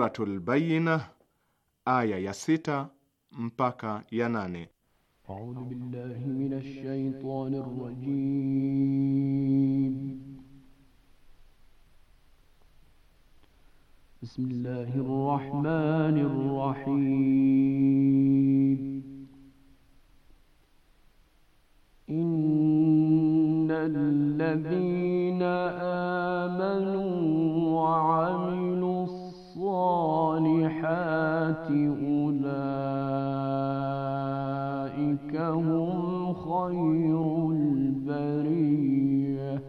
Suratul Bayyina aya ya sita mpaka ya nane. أولئك هم خير البرية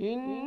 إن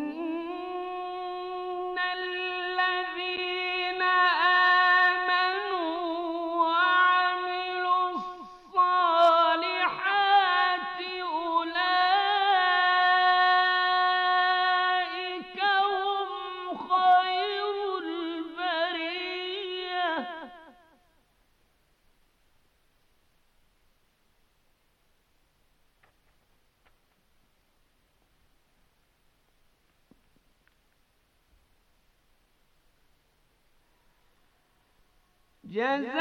جزاء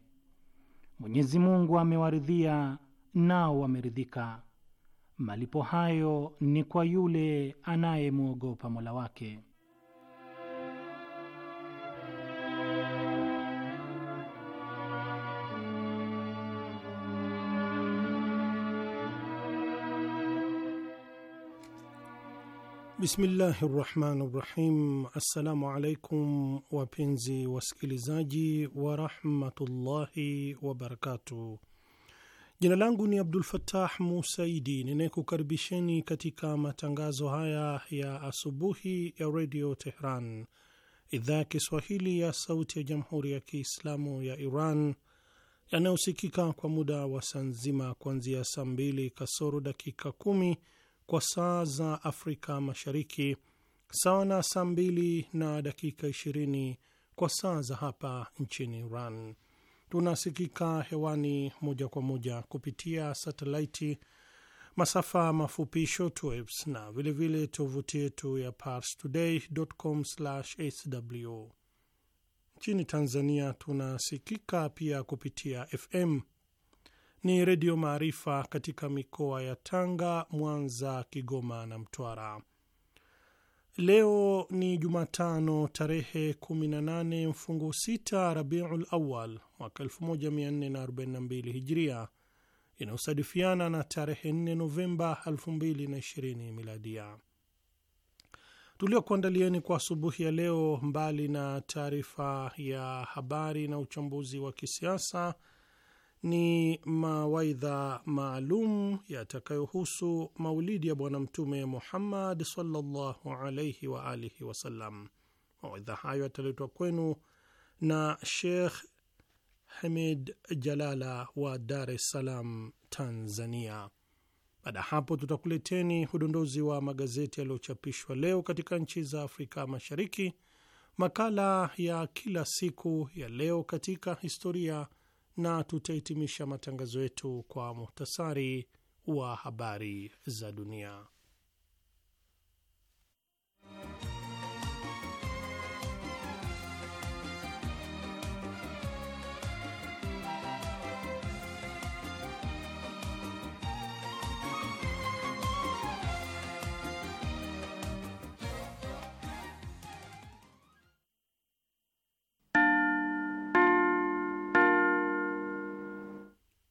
Mwenyezi Mungu amewaridhia nao wameridhika. Malipo hayo ni kwa yule anayemwogopa Mola wake. Bismillahi rahmani rahim. Assalamu alaikum wapenzi wasikilizaji warahmatullahi wabarakatuh. Jina langu ni Abdul fatah Musaidi ninayekukaribisheni katika matangazo haya ya asubuhi ya redio Tehran, idhaa ya Kiswahili ya sauti ya jamhuri ya Kiislamu ya Iran yanayosikika kwa muda wa saa nzima kuanzia saa mbili kasoro dakika kumi kwa saa za Afrika Mashariki, sawa na saa mbili na dakika ishirini kwa saa za hapa nchini Iran. Tunasikika hewani moja kwa moja kupitia satelaiti, masafa mafupi short waves, na vilevile tovuti yetu ya parstoday.com/sw. Nchini Tanzania tunasikika pia kupitia FM ni Redio Maarifa katika mikoa ya Tanga, Mwanza, Kigoma na Mtwara. Leo ni Jumatano tarehe 18 mfungu 6 Rabiul Awal mwaka 1442 Hijria, inayosadifiana na tarehe 4 Novemba 2020 Miladia. Tuliokuandalieni kwa asubuhi ya leo, mbali na taarifa ya habari na uchambuzi wa kisiasa ni mawaidha maalum yatakayohusu maulidi ya Bwana Mtume Muhammad sallallahu alaihi wa alihi wasallam. Mawaidha hayo yataletwa kwenu na Sheikh Hamid Jalala wa Dar es Salaam, Tanzania. Baada ya hapo, tutakuleteni udondozi wa magazeti yaliyochapishwa leo katika nchi za Afrika Mashariki, makala ya kila siku ya leo katika historia na tutahitimisha matangazo yetu kwa muhtasari wa habari za dunia.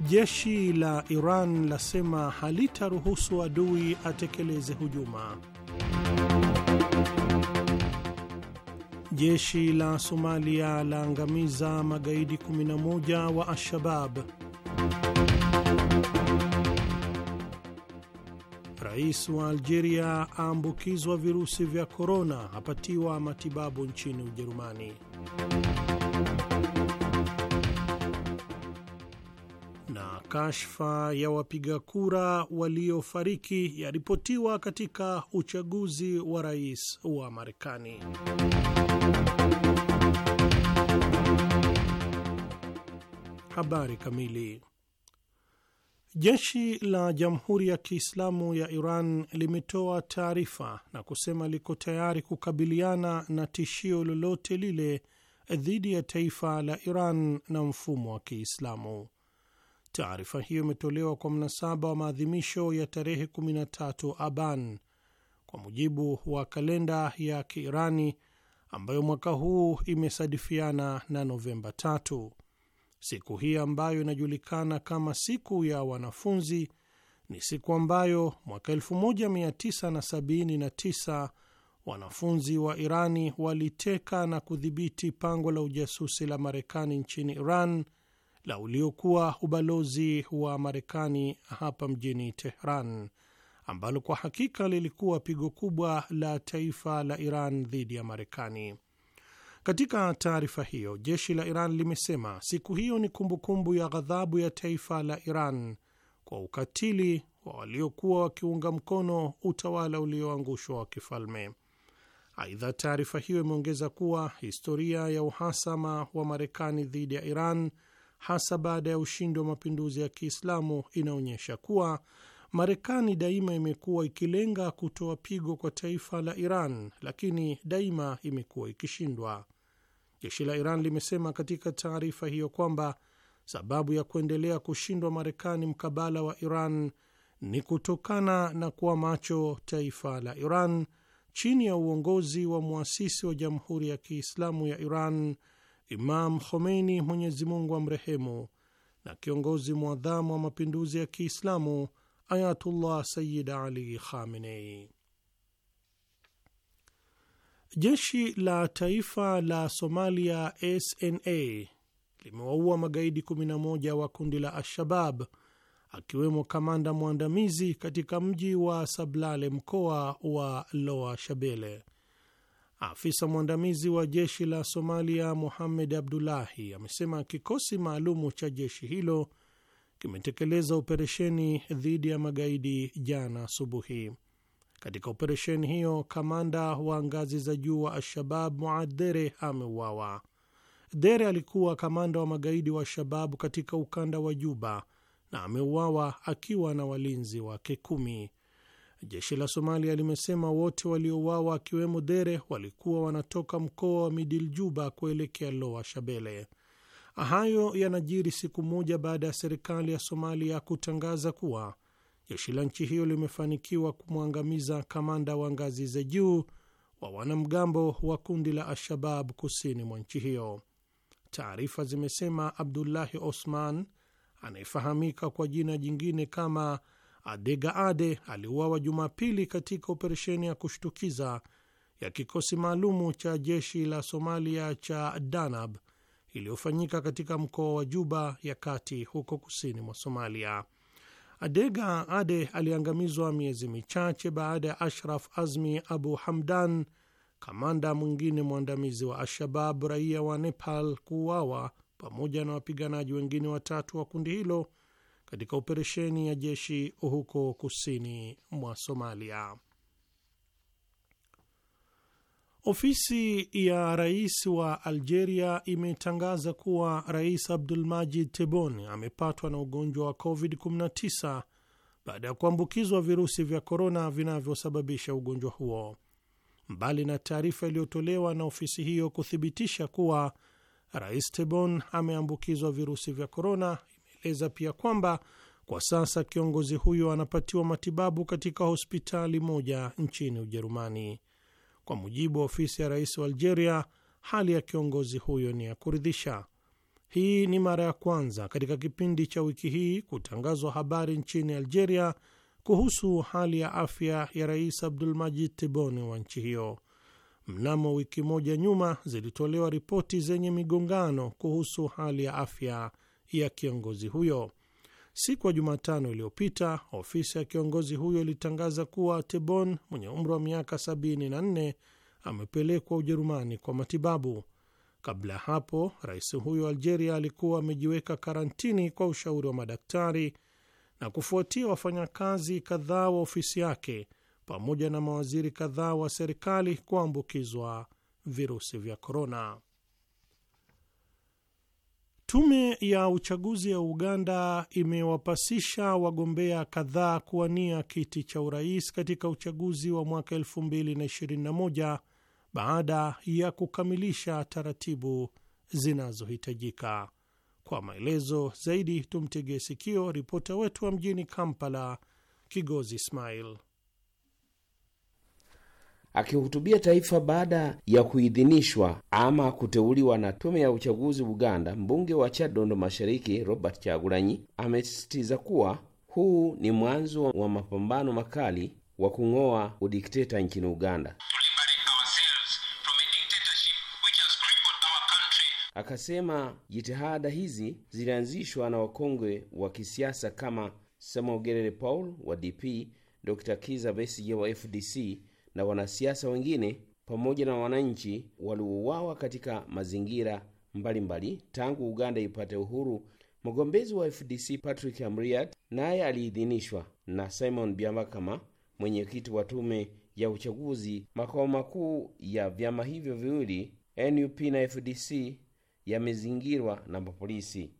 jeshi la Iran lasema halitaruhusu adui atekeleze hujuma. Jeshi la Somalia laangamiza magaidi 11 wa Al-Shabab. Rais wa Algeria aambukizwa virusi vya korona, apatiwa matibabu nchini Ujerumani. na kashfa ya wapiga kura waliofariki yaripotiwa katika uchaguzi wa rais wa Marekani. Habari kamili. Jeshi la Jamhuri ya Kiislamu ya Iran limetoa taarifa na kusema liko tayari kukabiliana na tishio lolote lile dhidi ya taifa la Iran na mfumo wa Kiislamu. Taarifa hiyo imetolewa kwa mnasaba wa maadhimisho ya tarehe 13 Aban kwa mujibu wa kalenda ya Kiirani ambayo mwaka huu imesadifiana na Novemba 3 Siku hii ambayo inajulikana kama siku ya wanafunzi ni siku ambayo mwaka 1979 wanafunzi wa Irani waliteka na kudhibiti pango la ujasusi la Marekani nchini Iran la uliokuwa ubalozi wa Marekani hapa mjini Tehran, ambalo kwa hakika lilikuwa pigo kubwa la taifa la Iran dhidi ya Marekani. Katika taarifa hiyo, jeshi la Iran limesema siku hiyo ni kumbukumbu ya ghadhabu ya taifa la Iran kwa ukatili wa waliokuwa wakiunga mkono utawala ulioangushwa wa kifalme. Aidha, taarifa hiyo imeongeza kuwa historia ya uhasama wa Marekani dhidi ya Iran hasa baada ya ushindi wa mapinduzi ya Kiislamu inaonyesha kuwa Marekani daima imekuwa ikilenga kutoa pigo kwa taifa la Iran, lakini daima imekuwa ikishindwa. Jeshi la Iran limesema katika taarifa hiyo kwamba sababu ya kuendelea kushindwa Marekani mkabala wa Iran ni kutokana na kuwa macho taifa la Iran chini ya uongozi wa mwasisi wa Jamhuri ya Kiislamu ya Iran Imam Khomeini, Mwenyezi Mungu amrehemu, na kiongozi mwadhamu wa mapinduzi ya Kiislamu Ayatullah Sayyid Ali Khamenei. Jeshi la taifa la Somalia SNA limewaua magaidi 11 wa kundi la Al-Shabab akiwemo kamanda mwandamizi katika mji wa Sablale mkoa wa Loa Shabele. Afisa mwandamizi wa jeshi la Somalia Muhamed Abdullahi amesema kikosi maalumu cha jeshi hilo kimetekeleza operesheni dhidi ya magaidi jana asubuhi. Katika operesheni hiyo, kamanda wa ngazi za juu wa Alshabab Muad Dere ameuawa. Dere alikuwa kamanda wa magaidi wa Shababu katika ukanda wa Juba na ameuawa akiwa na walinzi wake kumi. Jeshi la Somalia limesema wote waliouawa akiwemo Dere walikuwa wanatoka mkoa wa midil juba kuelekea Loa Shabele. Hayo yanajiri siku moja baada ya serikali ya Somalia kutangaza kuwa jeshi la nchi hiyo limefanikiwa kumwangamiza kamanda wa ngazi za juu wa wanamgambo wa kundi la Al-Shabab kusini mwa nchi hiyo. Taarifa zimesema Abdullahi Osman anayefahamika kwa jina jingine kama Adega Ade aliuawa Jumapili katika operesheni ya kushtukiza ya kikosi maalumu cha jeshi la Somalia cha Danab iliyofanyika katika mkoa wa Juba ya kati huko kusini mwa Somalia. Adega Ade aliangamizwa miezi michache baada ya Ashraf Azmi Abu Hamdan, kamanda mwingine mwandamizi wa Al-Shabab raia wa Nepal, kuuawa pamoja na wapiganaji wengine watatu wa kundi hilo katika operesheni ya jeshi huko kusini mwa Somalia. Ofisi ya rais wa Algeria imetangaza kuwa Rais abdul majid Tebboune amepatwa na ugonjwa wa COVID-19 baada ya kuambukizwa virusi vya korona vinavyosababisha ugonjwa huo. Mbali na taarifa iliyotolewa na ofisi hiyo kuthibitisha kuwa Rais Tebboune ameambukizwa virusi vya korona, ameeleza pia kwamba kwa sasa kiongozi huyo anapatiwa matibabu katika hospitali moja nchini Ujerumani. Kwa mujibu wa ofisi ya rais wa Algeria, hali ya kiongozi huyo ni ya kuridhisha. Hii ni mara ya kwanza katika kipindi cha wiki hii kutangazwa habari nchini Algeria kuhusu hali ya afya ya rais abdul majid Tebboune wa nchi hiyo. Mnamo wiki moja nyuma zilitolewa ripoti zenye migongano kuhusu hali ya afya ya kiongozi huyo. Siku ya Jumatano iliyopita ofisi ya kiongozi huyo ilitangaza kuwa Tebon mwenye umri wa miaka 74 amepelekwa Ujerumani kwa matibabu. Kabla ya hapo, rais huyo wa Algeria alikuwa amejiweka karantini kwa ushauri wa madaktari na kufuatia wafanyakazi kadhaa wa ofisi yake pamoja na mawaziri kadhaa wa serikali kuambukizwa virusi vya korona. Tume ya uchaguzi ya Uganda imewapasisha wagombea kadhaa kuwania kiti cha urais katika uchaguzi wa mwaka 2021 baada ya kukamilisha taratibu zinazohitajika. Kwa maelezo zaidi tumtegee sikio ripota wetu wa mjini Kampala, Kigozi Ismail. Akihutubia taifa baada ya kuidhinishwa ama kuteuliwa na tume ya uchaguzi Uganda, mbunge wa Chadondo Mashariki Robert Chagulanyi amesisitiza kuwa huu ni mwanzo wa mapambano makali wa kung'oa udikteta nchini Uganda. Akasema jitihada hizi zilianzishwa na wakongwe wa kisiasa kama Samuel Gerere Paul wa DP, Dr. Kiza Besigye wa FDC na wanasiasa wengine pamoja na wananchi waliouawa katika mazingira mbalimbali mbali. Tangu Uganda ipate uhuru, mgombezi wa FDC Patrick Amriat naye aliidhinishwa na Simon Byabakama, mwenyekiti wa tume ya uchaguzi. Makao makuu ya vyama hivyo viwili NUP na FDC yamezingirwa na mapolisi.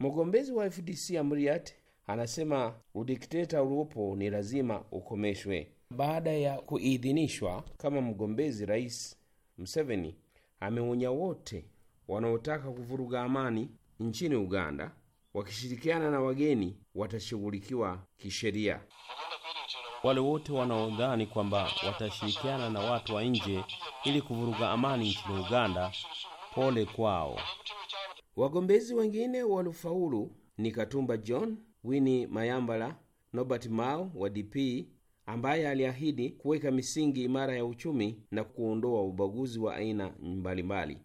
Mgombezi wa FDC Amriat anasema udikteta uliopo ni lazima ukomeshwe. Baada ya kuidhinishwa kama mgombezi, Rais Museveni ameonya wote wanaotaka kuvuruga amani nchini Uganda, wakishirikiana na wageni watashughulikiwa kisheria. Wale wote wanaodhani kwamba watashirikiana na watu wa nje ili kuvuruga amani nchini Uganda, pole kwao. Wagombezi wengine waliofaulu ni Katumba John, wini Mayambala, nobert Mao wa DP ambaye aliahidi kuweka misingi imara ya uchumi na kuondoa ubaguzi wa aina mbalimbali.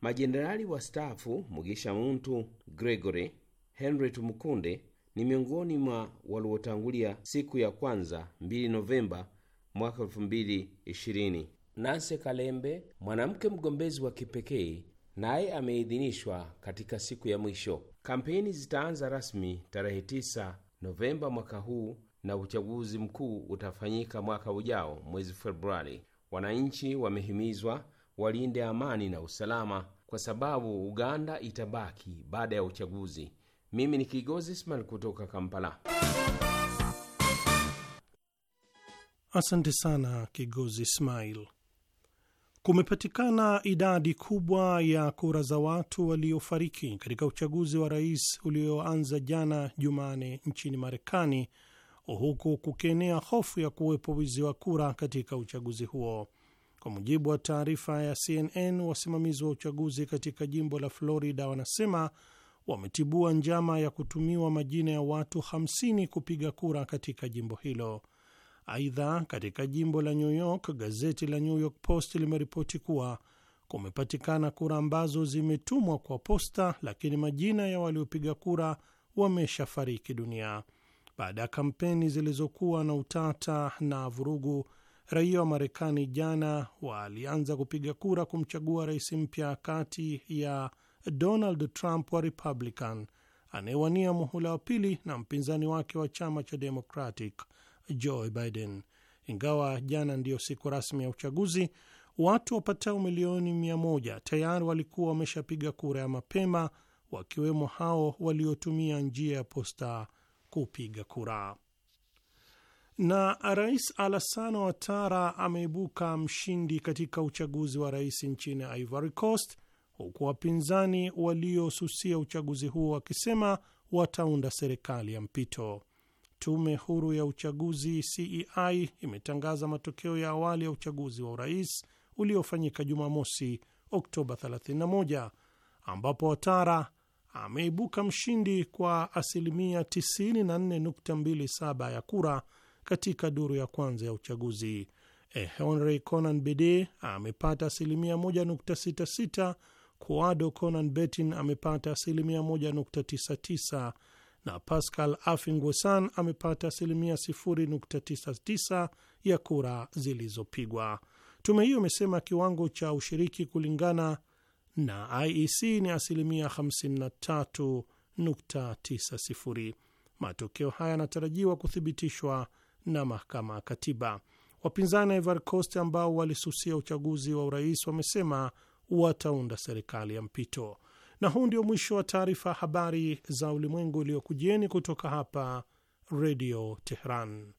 Majenerali wastaafu Mugisha Muntu Gregory, Henry Tumukunde ni miongoni mwa waliotangulia siku ya kwanza 2 Novemba mwaka 2020. Nanse Kalembe, mwanamke mgombezi wa kipekee, naye ameidhinishwa katika siku ya mwisho. Kampeni zitaanza rasmi tarehe 9 Novemba mwaka huu na uchaguzi mkuu utafanyika mwaka ujao mwezi Februari. Wananchi wamehimizwa walinde amani na usalama kwa sababu Uganda itabaki baada ya uchaguzi. Mimi ni Kigozi Ismail kutoka Kampala. Asante sana Kigozi Ismail. Kumepatikana idadi kubwa ya kura za watu waliofariki katika uchaguzi wa rais ulioanza jana Jumane nchini Marekani huku kukienea hofu ya kuwepo wizi wa kura katika uchaguzi huo. Kwa mujibu wa taarifa ya CNN, wasimamizi wa uchaguzi katika jimbo la Florida wanasema wametibua njama ya kutumiwa majina ya watu 50 kupiga kura katika jimbo hilo. Aidha, katika jimbo la New York, gazeti la New York Post limeripoti kuwa kumepatikana kura ambazo zimetumwa kwa posta, lakini majina ya waliopiga kura wameshafariki dunia. Baada ya kampeni zilizokuwa na utata na vurugu, raia wa Marekani jana walianza kupiga kura kumchagua rais mpya kati ya Donald Trump wa Republican anayewania muhula wa pili na mpinzani wake wa chama cha Democratic Joe Biden. Ingawa jana ndiyo siku rasmi ya uchaguzi, watu wapatao milioni mia moja tayari walikuwa wameshapiga kura ya mapema, wakiwemo hao waliotumia njia ya posta kupiga kura. Na Rais Alassane Ouattara ameibuka mshindi katika uchaguzi wa rais nchini Ivory Coast, huku wapinzani waliosusia uchaguzi huo wakisema wataunda serikali ya mpito. Tume huru ya uchaguzi CEI imetangaza matokeo ya awali ya uchaguzi wa urais uliofanyika Jumamosi, Oktoba 31 ambapo Watara ameibuka mshindi kwa asilimia 94.27 ya kura katika duru ya kwanza ya uchaguzi. E, Henry Conan Bede amepata asilimia 1.66, Kuado Conan Betin amepata asilimia 1.99 na Pascal Afingwesan amepata asilimia 0.99 ya kura zilizopigwa. Tume hiyo imesema kiwango cha ushiriki kulingana na IEC ni asilimia 53.90. Matokeo haya yanatarajiwa kuthibitishwa na mahakama ya katiba. Wapinzani wa Ivory Coast ambao walisusia uchaguzi wa urais wamesema wataunda serikali ya mpito. Na huu ndio mwisho wa taarifa ya habari za ulimwengu iliyokujieni kutoka hapa Redio Teheran.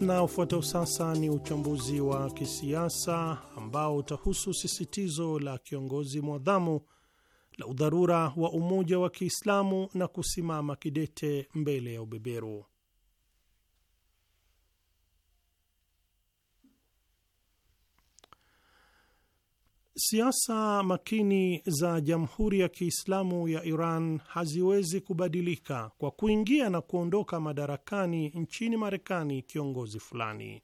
Na ufuatao sasa ni uchambuzi wa kisiasa ambao utahusu sisitizo la kiongozi mwadhamu la udharura wa umoja wa Kiislamu na kusimama kidete mbele ya ubeberu. Siasa makini za Jamhuri ya Kiislamu ya Iran haziwezi kubadilika kwa kuingia na kuondoka madarakani nchini Marekani kiongozi fulani.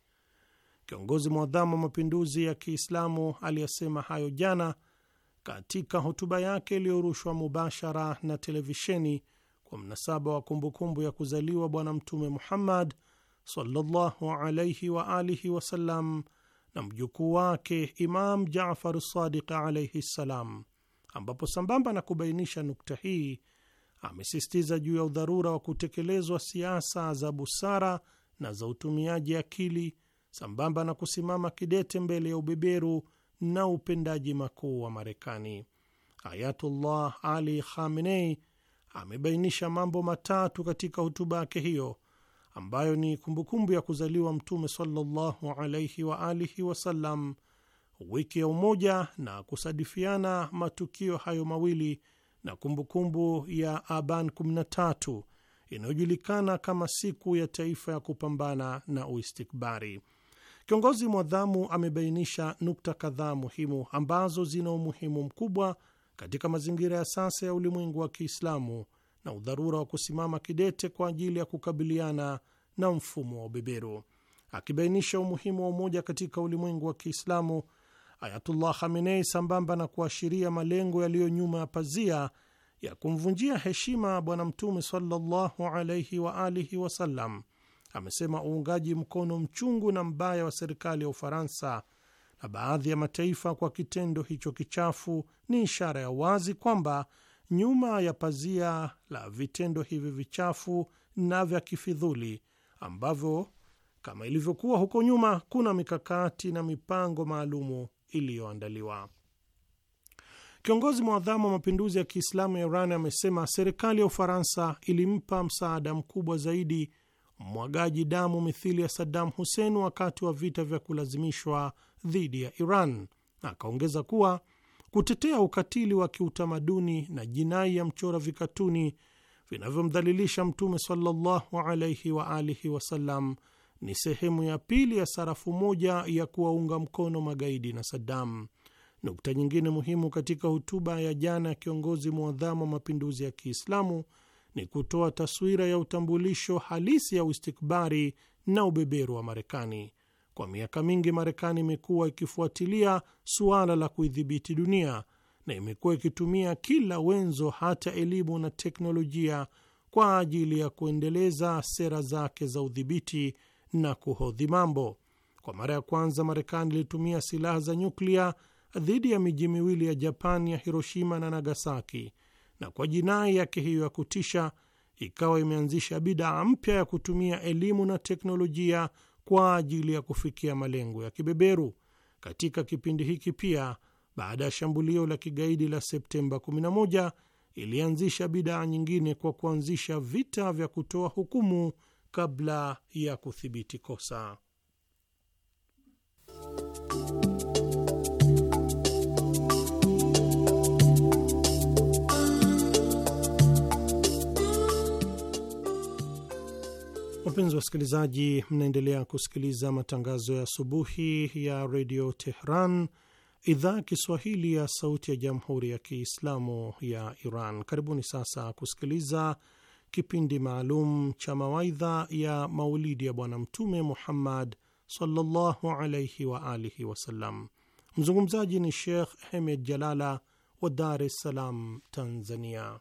Kiongozi mwadhamu wa mapinduzi ya Kiislamu aliyesema hayo jana katika hotuba yake iliyorushwa mubashara na televisheni kwa mnasaba wa kumbukumbu ya kuzaliwa Bwana Mtume Muhammad sallallahu alaihi wa alihi wasallam na mjukuu wake Imam Jafar Sadiq alaihi ssalam, ambapo sambamba na kubainisha nukta hii amesisitiza juu ya udharura wa kutekelezwa siasa za busara na za utumiaji akili sambamba na kusimama kidete mbele ya ubeberu na upendaji makuu wa Marekani. Ayatullah Ali Khamenei amebainisha mambo matatu katika hotuba yake hiyo ambayo ni kumbukumbu ya kuzaliwa Mtume sallallahu alaihi wa alihi wasallam, wiki ya Umoja, na kusadifiana matukio hayo mawili na kumbukumbu kumbu ya Aban 13 inayojulikana kama siku ya taifa ya kupambana na uistikbari. Kiongozi mwadhamu amebainisha nukta kadhaa muhimu ambazo zina umuhimu mkubwa katika mazingira ya sasa ya ulimwengu wa Kiislamu na udharura wa kusimama kidete kwa ajili ya kukabiliana na mfumo wa ubeberu. Akibainisha umuhimu wa umoja katika ulimwengu wa Kiislamu, Ayatullah Khamenei, sambamba na kuashiria malengo yaliyo nyuma ya pazia ya kumvunjia heshima Bwana Mtume sallallahu alaihi wa alihi wasallam, amesema uungaji mkono mchungu na mbaya wa serikali ya Ufaransa na baadhi ya mataifa kwa kitendo hicho kichafu ni ishara ya wazi kwamba nyuma ya pazia la vitendo hivi vichafu na vya kifidhuli ambavyo kama ilivyokuwa huko nyuma, kuna mikakati na mipango maalumu iliyoandaliwa. Kiongozi mwadhamu wa mapinduzi ya Kiislamu ya Iran amesema serikali ya Ufaransa ilimpa msaada mkubwa zaidi mwagaji damu mithili ya Saddam Hussein wakati wa vita vya kulazimishwa dhidi ya Iran, na akaongeza kuwa kutetea ukatili wa kiutamaduni na jinai ya mchora vikatuni vinavyomdhalilisha Mtume sallallahu alaihi wa alihi wasallam ni sehemu ya pili ya sarafu moja ya kuwaunga mkono magaidi na Saddam. Nukta nyingine muhimu katika hotuba ya jana ya kiongozi mwadhamu wa mapinduzi ya Kiislamu ni kutoa taswira ya utambulisho halisi ya uistikbari na ubeberu wa Marekani. Kwa miaka mingi, Marekani imekuwa ikifuatilia suala la kuidhibiti dunia na imekuwa ikitumia kila wenzo, hata elimu na teknolojia, kwa ajili ya kuendeleza sera zake za udhibiti na kuhodhi mambo. Kwa mara ya kwanza, Marekani ilitumia silaha za nyuklia dhidi ya miji miwili ya Japan ya Hiroshima na Nagasaki, na kwa jinai yake hiyo ya kutisha ikawa imeanzisha bidaa mpya ya kutumia elimu na teknolojia kwa ajili ya kufikia malengo ya kibeberu. Katika kipindi hiki pia, baada ya shambulio la kigaidi la Septemba 11 ilianzisha bidaa nyingine kwa kuanzisha vita vya kutoa hukumu kabla ya kuthibiti kosa. Wapenzi wasikilizaji, mnaendelea kusikiliza matangazo ya asubuhi ya redio Tehran, idhaa Kiswahili ya sauti ya jamhuri ya Kiislamu ya Iran. Karibuni sasa kusikiliza kipindi maalum cha mawaidha ya maulidi ya Bwana Mtume Muhammad sallallahu alaihi wa alihi wasallam. Mzungumzaji ni shekh Hemed Jalala wa Dar es Salaam, Tanzania.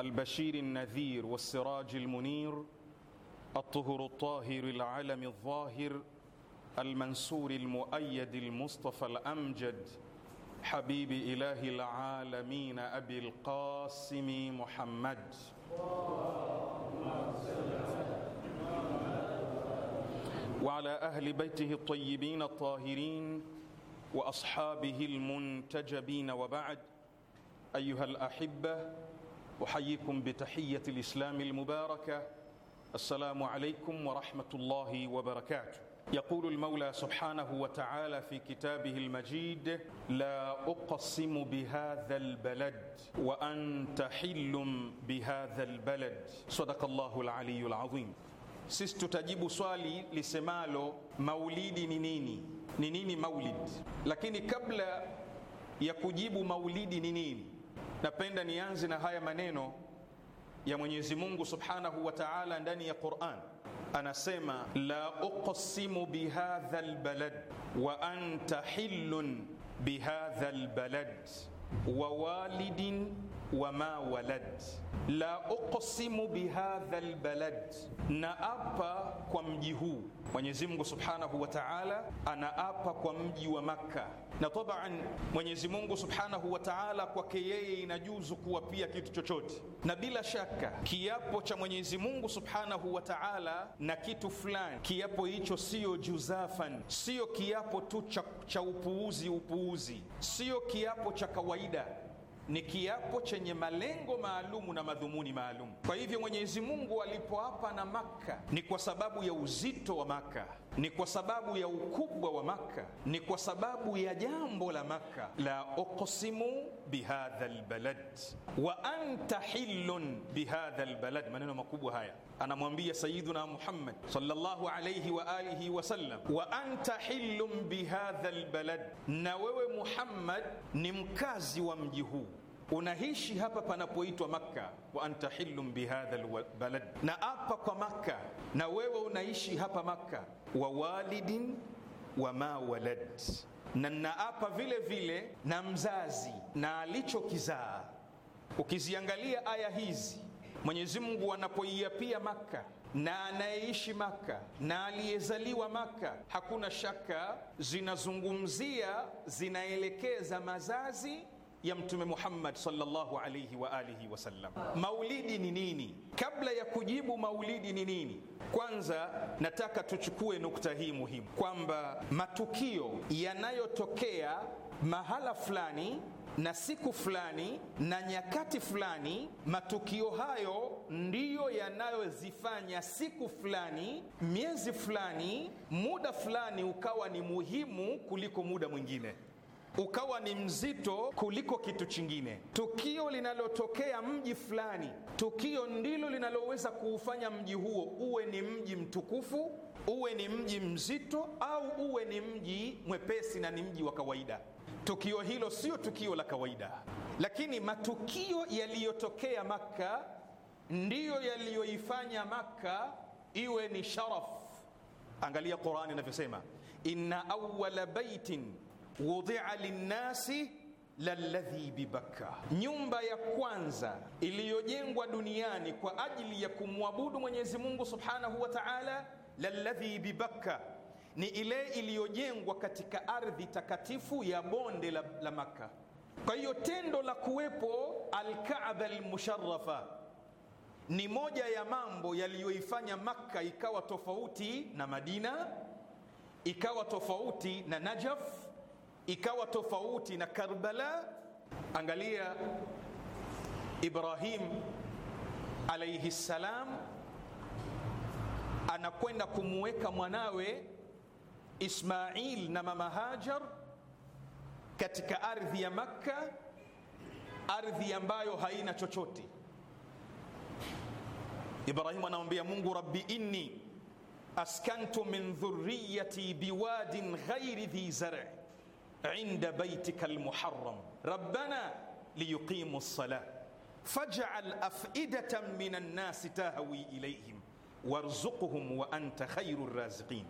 البشير النذير والسراج المنير الطهر الطاهر العلم الظاهر المنصور المؤيد المصطفى الأمجد حبيب إله العالمين أبي القاسم محمد وعلى أهل بيته الطيبين الطاهرين وأصحابه المنتجبين وبعد أيها الأحبة احييكم بتحيه الاسلام المباركه السلام عليكم ورحمه الله وبركاته يقول المولى سبحانه وتعالى في كتابه المجيد لا اقسم بهذا البلد وانت حل بهذا البلد صدق الله العلي العظيم sisi tutajibu swali lisemalo maulidi ni nini ni nini maulid lakini kabla ya kujibu maulidi ni nini napenda nianze na haya maneno ya Mwenyezi Mungu Subhanahu wa Ta'ala ndani ya Qur'an anasema la uqsimu bihadha albalad wa anta hillun bihadha albalad wa walidin wa ma walad la uqsimu bihadha albalad, naapa kwa mji huu. Mwenyezi Mungu Subhanahu wa Ta'ala anaapa kwa mji wa Makka, na tabaan Mwenyezi Mungu Subhanahu wa Ta'ala kwake yeye inajuzu pia kitu chochote, na bila shaka kiapo cha Mwenyezi Mungu Subhanahu wa Ta'ala na kitu fulani, kiapo hicho siyo juzafan, siyo kiapo tu cha, cha upuuzi upuuzi, siyo kiapo cha kawaida ni kiapo chenye malengo maalumu na madhumuni maalum Kwa hivyo Mwenyezi Mungu alipoapa na Makka ni kwa sababu ya uzito wa Makka, ni kwa sababu ya ukubwa wa Makka, ni kwa sababu ya jambo la Makka. la uqsimu bihadha lbalad wa anta hillun bihadha lbalad, maneno makubwa haya anamwambia Sayyiduna Muhammad sallallahu alayhi wa alihi sallam, wa anta hillum bihadha albalad, na wewe Muhammad ni mkazi wa mji huu unaishi hapa panapoitwa Makka. wa anta hillum bihadha albalad, na apa kwa Makka, na wewe unaishi hapa Makka. wa walidin wa ma walad, na naapa vile vile na mzazi na alichokizaa. Ukiziangalia aya hizi Mwenyezi Mungu anapoiapia Maka na anayeishi Maka na aliyezaliwa Maka, hakuna shaka zinazungumzia, zinaelekeza mazazi ya Mtume Muhammad sallallahu alayhi wa alihi wasallam. Maulidi ni nini? Kabla ya kujibu maulidi ni nini, kwanza nataka tuchukue nukta hii muhimu kwamba matukio yanayotokea mahala fulani na siku fulani na nyakati fulani, matukio hayo ndiyo yanayozifanya siku fulani, miezi fulani, muda fulani ukawa ni muhimu kuliko muda mwingine ukawa ni mzito kuliko kitu chingine. Tukio linalotokea mji fulani, tukio ndilo linaloweza kuufanya mji huo uwe ni mji mtukufu, uwe ni mji mzito, au uwe ni mji mwepesi na ni mji wa kawaida. Tukio hilo sio tukio la kawaida, lakini matukio yaliyotokea Makka ndiyo yaliyoifanya Makka iwe ni sharaf. Angalia Qurani inavyosema, inna awwala baitin wudia linnasi lalladhi bibakka, nyumba ya kwanza iliyojengwa duniani kwa ajili ya kumwabudu Mwenyezi Mungu subhanahu wa taala, lalladhi bibakka ni ile iliyojengwa katika ardhi takatifu ya bonde la, la Makka. Kwa hiyo tendo la kuwepo Alkaaba Almusharrafa ni moja ya mambo yaliyoifanya Makka ikawa tofauti na Madina, ikawa tofauti na Najaf, ikawa tofauti na Karbala. Angalia Ibrahim alaihi salam anakwenda kumuweka mwanawe Ismail na mama Hajar katika ardhi ya Makka, ardhi ambayo haina chochote. Ibrahimu anamwambia Mungu, rabbi inni askantu min dhurriyati biwadin ghairi dhi zar' inda baitika almuharram rabbana liyuqimu as-salah faj'al af'idatan min an-nasi tahwi ilayhim warzuqhum wa anta khairur raziqin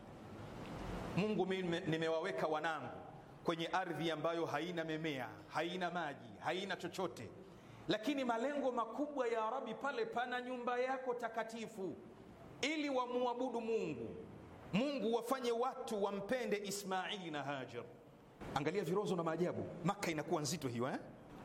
Mungu mimi nimewaweka wanangu kwenye ardhi ambayo haina memea, haina maji, haina chochote, lakini malengo makubwa ya Arabi pale pana nyumba yako takatifu, ili wamwabudu Mungu. Mungu wafanye watu wampende Ismaili na Hajar. Angalia virozo na maajabu, Maka inakuwa nzito hiyo eh?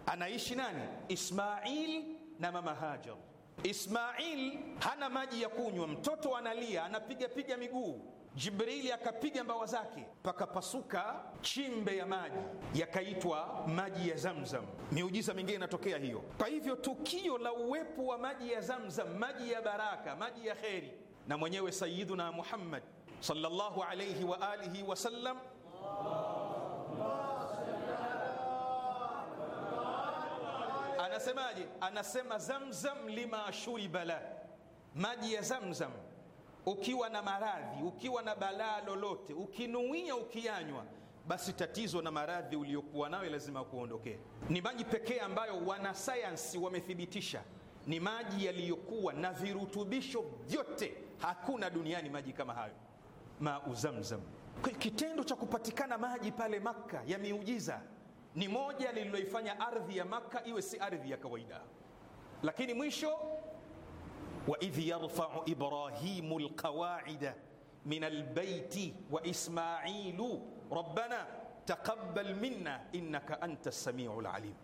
Anaishi nani? Ismail na mama Hajar. Ismail hana maji ya kunywa, mtoto analia, anapiga piga miguu Jibrili akapiga mbawa zake, pakapasuka chimbe ya maji yakaitwa maji ya Zamzam. Miujiza mingine inatokea hiyo. Kwa hivyo tukio la uwepo wa maji ya Zamzam, maji ya baraka, maji ya kheri, na mwenyewe Sayyiduna Muhammad sallallahu alayhi wa alihi wasallam anasemaje? Anasema zamzam lima shuriba la, maji ya Zamzam ukiwa na maradhi, ukiwa na balaa lolote, ukinuia ukianywa, basi tatizo na maradhi uliokuwa nayo lazima kuondokea Ni maji pekee ambayo wanasayansi wamethibitisha ni maji yaliyokuwa na virutubisho vyote. Hakuna duniani maji kama hayo, mau Zamzam. Kitendo cha kupatikana maji pale Makka ya miujiza ni moja lililoifanya ardhi ya Makka iwe si ardhi ya kawaida, lakini mwisho waidh yarfau ibrahimu lqawaida min albaiti wa ismailu rabbana taqabbal minna innaka anta lsamiu lalim.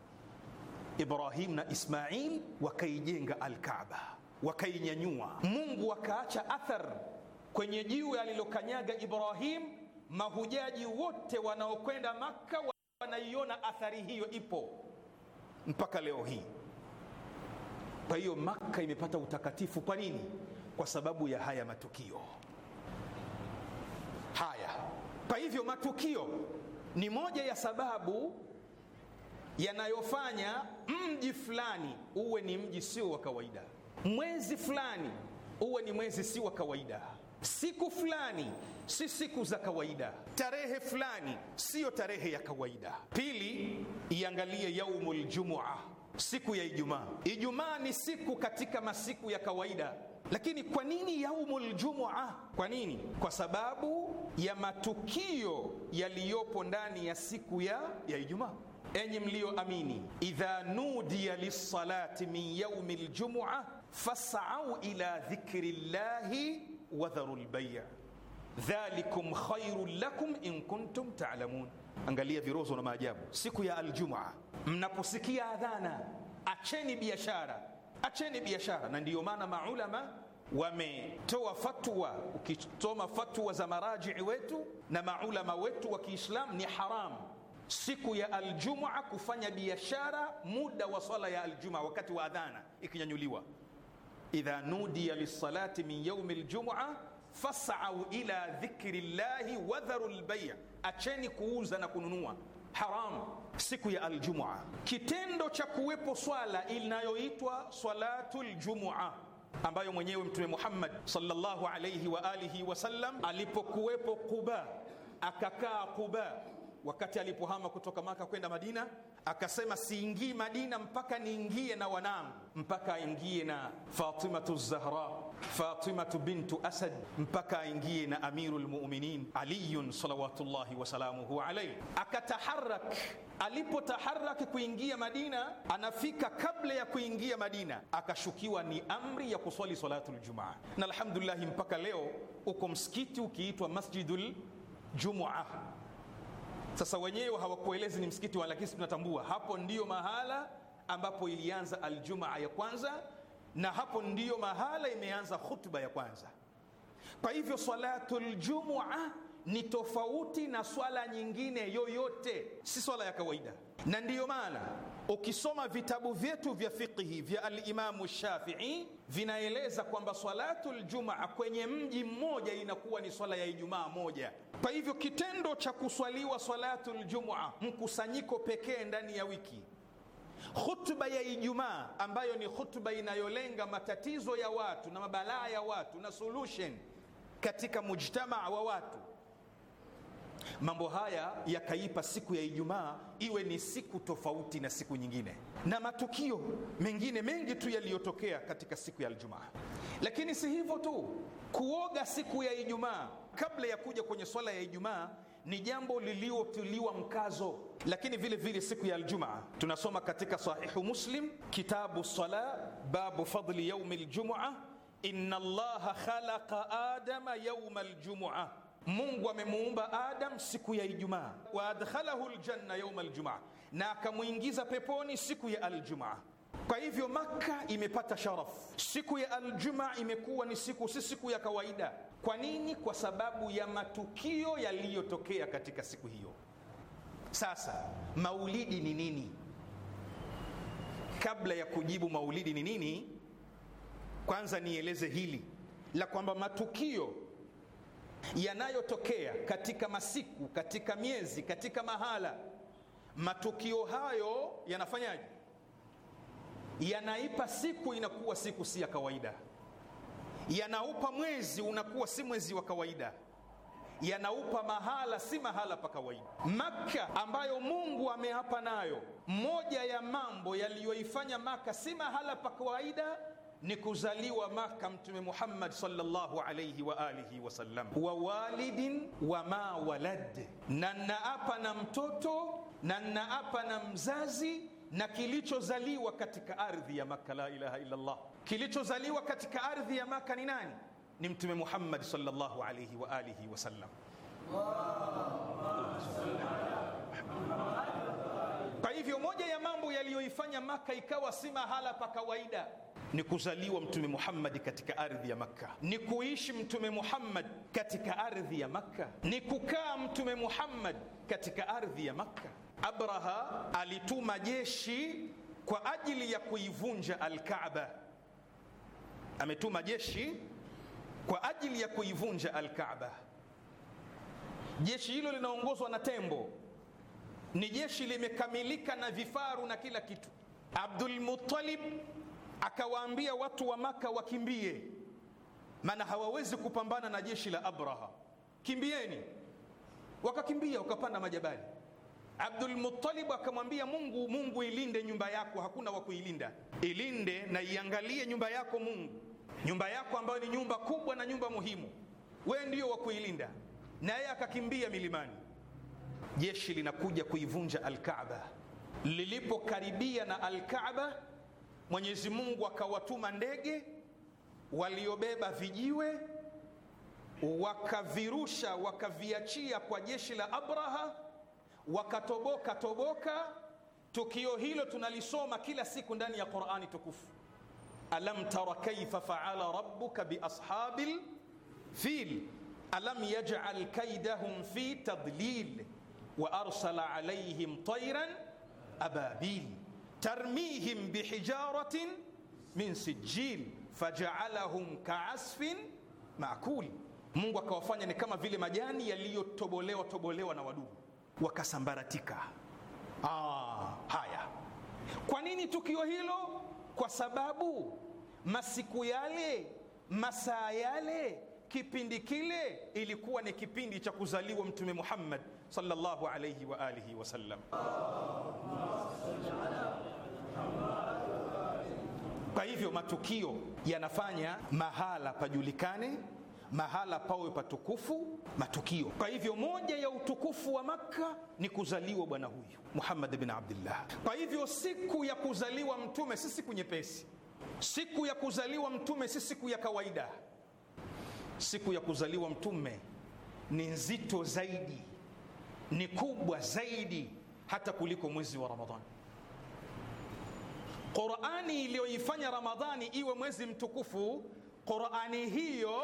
Ibrahim na Ismail wakaijenga Alkaaba, wakainyanyua. Mungu akaacha athar kwenye jiwe alilokanyaga Ibrahim. Mahujaji wote wanaokwenda Makka wanaiona athari hiyo, ipo mpaka leo hii. Kwa hiyo Makka imepata utakatifu. Kwa nini? Kwa sababu ya haya matukio haya. Kwa hivyo matukio ni moja ya sababu yanayofanya mji fulani uwe ni mji sio wa kawaida, mwezi fulani uwe ni mwezi si wa kawaida, siku fulani si siku za kawaida, tarehe fulani siyo tarehe ya kawaida. Pili, iangalie yaumul jumua siku ya Ijumaa. Ijumaa ni siku katika masiku ya kawaida, lakini kwa nini yaumul jumua? Kwa nini? Kwa sababu ya matukio yaliyopo ndani ya siku ya, ya Ijumaa. Enyi mlioamini, idha nudiya lissalati min yaumi ljumua fasau ila dhikri llahi wadharu lbaya dhalikum khairun lakum in kuntum talamun ta Angalia virozo na maajabu. Siku ya Aljumaa, mnaposikia adhana, acheni biashara, acheni biashara. Na ndiyo maana maulama wametoa fatwa. Ukisoma fatwa za marajii wetu na maulama wetu wa Kiislamu, ni haramu siku ya Aljumaa kufanya biashara muda wa swala ya Aljumaa, wakati wa adhana ikinyanyuliwa, idha nudiya lissalati min yaumi ljumua fasau ila dhikri llahi wadharu lbeia, acheni kuuza na kununua haramu. Siku ya aljumua, kitendo cha kuwepo swala inayoitwa swalatu ljumua ambayo mwenyewe Mtume Muhammad sallallahu alayhi wa alihi wasallam alipokuwepo Quba, akakaa Quba wakati alipohama kutoka Maka kwenda Madina, akasema siingii Madina mpaka niingie na wanangu, mpaka aingie na Fatimatu Zahra, Fatimatu bintu Asad, mpaka aingie na amiru lmuminin Ali salawatullahi wasalamuhu alayhi. Akataharak, alipotaharak kuingia Madina, anafika kabla ya kuingia Madina akashukiwa ni amri ya kuswali salatu Jumaa, na alhamdulillah mpaka leo uko msikiti ukiitwa masjidu ljumua sasa wenyewe hawakuelezi ni msikiti wa, lakini tunatambua hapo ndiyo mahala ambapo ilianza aljumaa ya kwanza, na hapo ndiyo mahala imeanza khutba ya kwanza. Kwa hivyo salatul jumua ni tofauti na swala nyingine yoyote, si swala ya kawaida. Na ndiyo maana ukisoma vitabu vyetu vya fiqhi vya alimamu Shafii vinaeleza kwamba swalatul jumaa kwenye mji mmoja inakuwa ni swala ya Ijumaa moja. Kwa hivyo kitendo cha kuswaliwa swalatul jumaa mkusanyiko pekee ndani ya wiki, khutba ya Ijumaa ambayo ni khutba inayolenga matatizo ya watu na mabalaa ya watu na solution katika mujtamaa wa watu Mambo haya yakaipa siku ya Ijumaa iwe ni siku tofauti na siku nyingine, na matukio mengine mengi tu yaliyotokea katika siku ya Ijumaa. Lakini si hivyo tu, kuoga siku ya Ijumaa kabla ya kuja kwenye swala ya Ijumaa ni jambo lililotiliwa mkazo. Lakini vile vile siku ya Aljumaa tunasoma katika Sahihu Muslim, kitabu sala, babu fadli yaumi ljumua, inna allaha khalaqa adama yauma ljumua Mungu amemuumba Adam siku ya Ijumaa, wa adkhalahu aljanna yawma aljumaa, na akamwingiza peponi siku ya aljumaa. Kwa hivyo Makka imepata sharaf Siku ya aljumaa imekuwa ni siku, si siku ya kawaida. Kwa nini? Kwa sababu ya matukio yaliyotokea katika siku hiyo. Sasa maulidi ni nini? Kabla ya kujibu maulidi ni nini, kwanza nieleze hili la kwamba matukio yanayotokea katika masiku, katika miezi, katika mahala. Matukio hayo yanafanyaje? Yanaipa siku inakuwa siku si ya kawaida, yanaupa mwezi unakuwa si mwezi wa kawaida, yanaupa mahala si mahala pa kawaida. Maka ambayo Mungu ameapa nayo, moja ya mambo yaliyoifanya Maka si mahala pa kawaida ni kuzaliwa Maka Mtume Muhammad sallallahu alayhi wa alihi wasallam, wa walidin wa ma walad, na naapa na mtoto na nnaapa na mzazi na kilichozaliwa katika ardhi ya Maka. La ilaha illa Allah, kilichozaliwa katika ardhi ya Maka ni nani? Ni Mtume Muhammad sallallahu alayhi wa alihi wasallam. Kwa hivyo moja ya mambo yaliyoifanya Maka ikawa si mahala pa kawaida ni kuzaliwa Mtume Muhammad katika ardhi ya Makka, ni kuishi Mtume Muhammad katika ardhi ya Makka, ni kukaa Mtume Muhammad katika ardhi ya Makka. Abraha alituma jeshi kwa ajili ya kuivunja Alkaaba, ametuma jeshi kwa ajili ya kuivunja Alkaaba. Jeshi hilo linaongozwa na tembo, ni jeshi limekamilika na vifaru na kila kitu. Abdul Muttalib akawaambia watu wa Maka wakimbie, maana hawawezi kupambana na jeshi la Abraha, kimbieni. Wakakimbia wakapanda majabali. Abdul Muttalib akamwambia Mungu, Mungu ilinde nyumba yako, hakuna wa kuilinda. Ilinde na iangalie nyumba yako Mungu, nyumba yako ambayo ni nyumba kubwa na nyumba muhimu, wewe ndio wa kuilinda. Na yeye akakimbia milimani. Jeshi linakuja kuivunja Alkaaba. Lilipokaribia na Alkaaba Mwenyezi Mungu akawatuma ndege waliobeba vijiwe wakavirusha wakaviachia kwa jeshi la Abraha wakatoboka toboka. Tukio hilo tunalisoma kila siku ndani ya Qur'ani tukufu. Alam tara kaifa faala rabbuka biashabil fil alam yaj'al kaidahum fi tadlil wa arsala alayhim tayran ababil tarmihim bihijaratin min sijil fajaalahum kaasfin maakuli, Mungu akawafanya ni kama vile majani yaliyotobolewa tobolewa na wadudu wakasambaratika. Ah, haya. Kwa nini tukio hilo? Kwa sababu masiku yale, masaa yale, kipindi kile ilikuwa ni kipindi cha kuzaliwa Mtume Muhammad sallallahu alayhi wa alihi wasallam. Kwa hivyo matukio yanafanya mahala pajulikane, mahala pawe patukufu, matukio. Kwa hivyo moja ya utukufu wa Makka ni kuzaliwa bwana huyu Muhammad bin Abdullah. Kwa hivyo siku ya kuzaliwa mtume si siku nyepesi, siku ya kuzaliwa mtume si siku ya kawaida. Siku ya kuzaliwa mtume ni nzito zaidi, ni kubwa zaidi hata kuliko mwezi wa Ramadhani. Qurani iliyoifanya Ramadhani iwe mwezi mtukufu, Qurani hiyo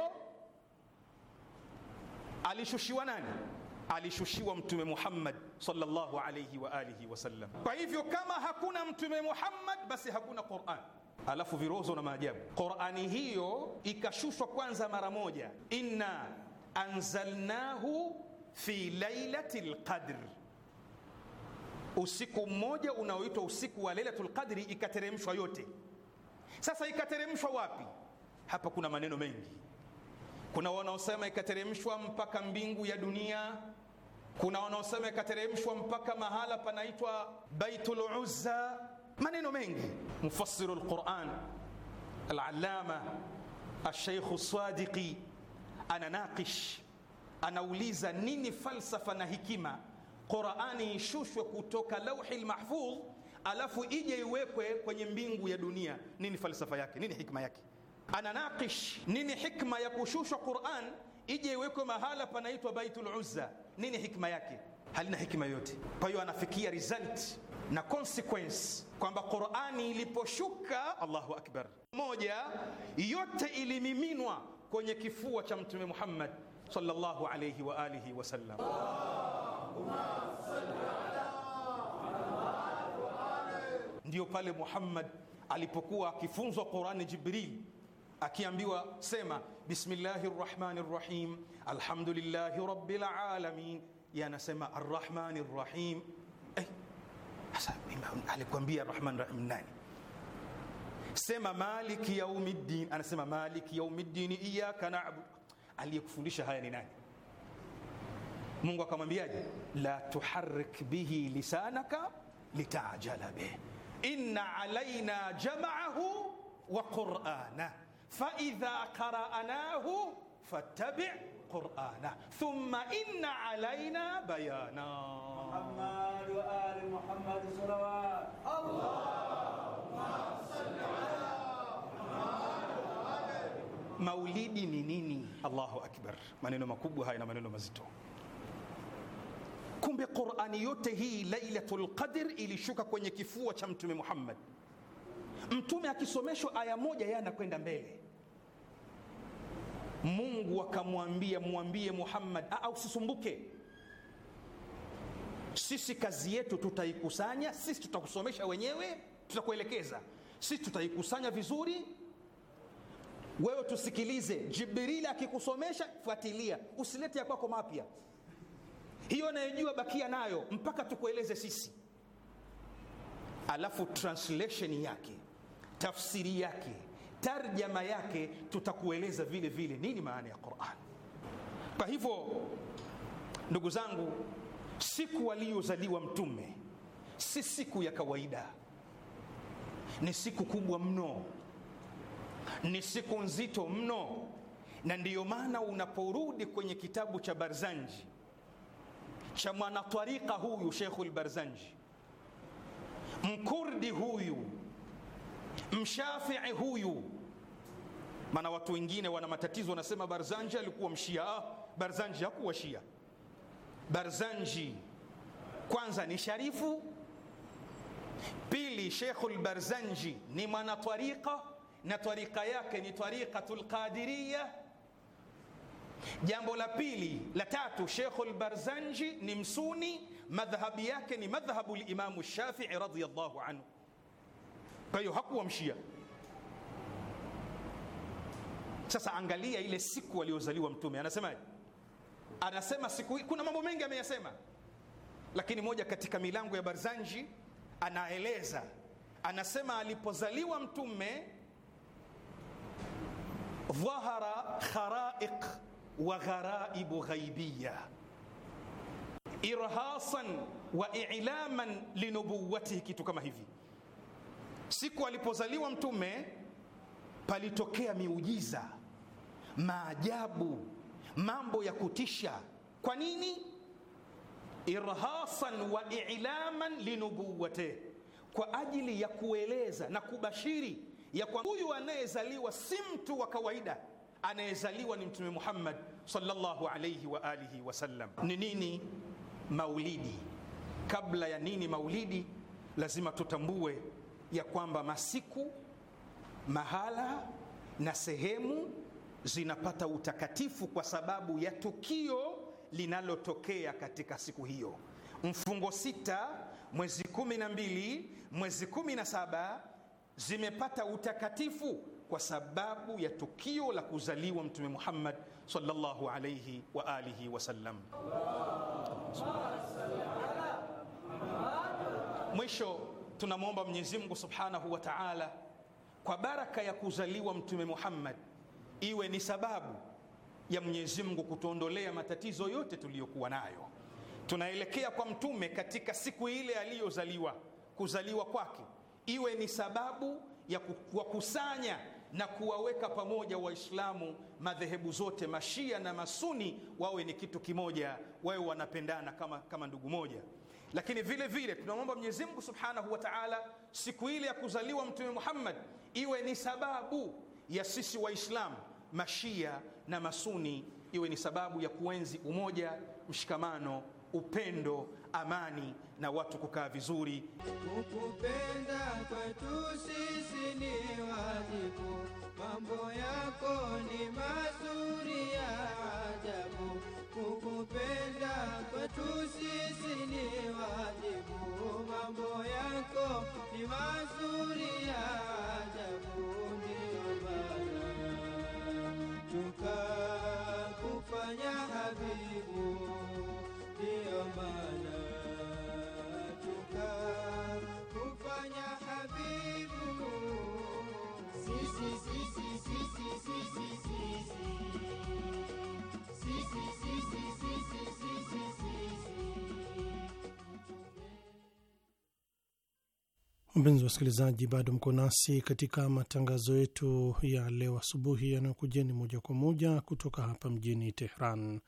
alishushiwa nani? Alishushiwa Mtume Muhammad sallallahu alayhi wa alihi wasallam. Kwa hivyo kama hakuna Mtume Muhammad, basi hakuna Quran. Alafu virozo na maajabu, Qurani hiyo ikashushwa kwanza mara moja, inna anzalnahu fi lailatil qadr usiku mmoja unaoitwa usiku wa Lailatul Qadri ikateremshwa yote. Sasa ikateremshwa wapi? Hapa kuna maneno mengi. Kuna wanaosema ikateremshwa mpaka mbingu ya dunia, kuna wanaosema ikateremshwa mpaka mahala panaitwa Baitul Uzza. Maneno mengi. Mufassiru lquran Al-Allama Al-Sheikh Sadiqi ananaqish, anauliza nini falsafa na hikima Qurani ishushwe kutoka lauhi lmahfudh, alafu ije iwekwe kwenye mbingu ya dunia. Nini falsafa yake? Nini hikma yake? Ananakish nini hikma ya kushushwa Quran ije iwekwe mahala panaitwa Baitul Uzza? Nini hikma yake? Halina hikma yoyote. Kwa hiyo anafikia result na consequence kwamba Qurani iliposhuka, Allahu akbar, moja yote ilimiminwa kwenye kifua cha Mtume Muhammad sallallahu alayhi wa alihi wasallam. Ndiyo pale Muhammad alipokuwa akifunzwa Qurani Jibril akiambiwa sema, bismillahi rrahmani rrahim alhamdulillahi rabbil alamin, yanasema arrahmani rrahim. Eh, sasa alikwambia rahman rahim nani? Sema maliki yaumiddin, anasema maliki yaumiddin iyaka na'budu. Aliyekufundisha haya ni nani? Mungu akamwambiaje? la tuharrik bihi lisanaka litajala bih inna alaina jamaahu wa qurana faidha qara'nahu fattabi' qurana thumma inna alaina bayana. Muhammad wa ali Muhammad salawat. Allahumma salli ala Muhammad. Maulidi ni nini? Allahu akbar! Maneno makubwa haya na maneno mazito Kumbe Qurani yote hii Lailatul Qadr ilishuka kwenye kifua cha Mtume Muhammad. Mtume akisomeshwa aya moja, yeye anakwenda mbele. Mungu akamwambia, mwambie Muhammad, a, usisumbuke, sisi kazi yetu tutaikusanya, sisi tutakusomesha wenyewe, tutakuelekeza sisi, tutaikusanya vizuri wewe tusikilize. Jibrili akikusomesha fuatilia, usilete ya kwako mapya hiyo anayojua bakia nayo mpaka tukueleze sisi alafu translation yake tafsiri yake tarjama yake tutakueleza vile vile nini maana ya Qur'an. Kwa hivyo ndugu zangu, siku aliyozaliwa Mtume si siku ya kawaida, ni siku kubwa mno, ni siku nzito mno, na ndiyo maana unaporudi kwenye kitabu cha Barzanji cha mwanatwarika huyu Sheikhul Barzanji, mkurdi huyu, mshafii huyu. Maana watu wengine wana matatizo, wanasema Barzanji alikuwa mshia. Ah, Barzanji hakuwa shia. Barzanji kwanza ni sharifu, pili Sheikhul Barzanji ni mwanatwarika na twarika yake ni twarikatul Qadiriya Jambo la pili, la tatu, Sheikhul Barzanji ni msuni, madhhabi yake ni madhhabu limamu Shafii radhiyallahu anhu. Kwa hiyo hakuwa mshia. Sasa angalia ile siku aliyozaliwa Mtume, anasemaje? Anasema siku hii, kuna mambo mengi ameyasema, lakini moja katika milango ya Barzanji anaeleza, anasema alipozaliwa Mtume dhahara kharaiq wa gharaibu ghaibiya irhasan wa ilaman linubuwatihi, kitu kama hivi. Siku alipozaliwa Mtume palitokea miujiza, maajabu, mambo ya kutisha. Kwa nini? irhasan wa ilaman linubuwatihi, kwa ajili ya kueleza na kubashiri ya kwa huyu anayezaliwa si mtu wa kawaida, anayezaliwa ni Mtume Muhammad sallallahu alayhi wa alihi sallam. Ni nini maulidi? Kabla ya nini maulidi, lazima tutambue ya kwamba masiku, mahala na sehemu zinapata utakatifu kwa sababu ya tukio linalotokea katika siku hiyo. Mfungo sita, mwezi kumi na mbili, mwezi kumi na saba zimepata utakatifu kwa sababu ya tukio la kuzaliwa Mtume Muhammad sallallahu alayhi wa alihi wasallam. Mwisho tunamwomba Mwenyezi Mungu subhanahu wa taala kwa baraka ya kuzaliwa Mtume Muhammad iwe ni sababu ya Mwenyezi Mungu kutuondolea matatizo yote tuliyokuwa nayo. Tunaelekea kwa mtume katika siku ile aliyozaliwa, kuzaliwa kwake iwe ni sababu ya kukusanya na kuwaweka pamoja Waislamu madhehebu zote, mashia na masuni, wawe ni kitu kimoja, wawe wanapendana kama, kama ndugu moja. Lakini vile vile tunamwomba Mwenyezi Mungu Subhanahu wa Ta'ala, siku ile ya kuzaliwa Mtume Muhammad iwe ni sababu ya sisi Waislamu mashia na masuni, iwe ni sababu ya kuenzi umoja, mshikamano upendo, amani na watu kukaa vizuri. Kukupenda kwetu sisi ni wajibu, mambo yako ni mazuri ya ajabu. Kukupenda kwetu sisi ni wajibu, mambo yako ni mazuri ya Mpenzi wasikilizaji, bado mko nasi katika matangazo yetu ya leo asubuhi yanayokujeni moja kwa moja kutoka hapa mjini Tehran.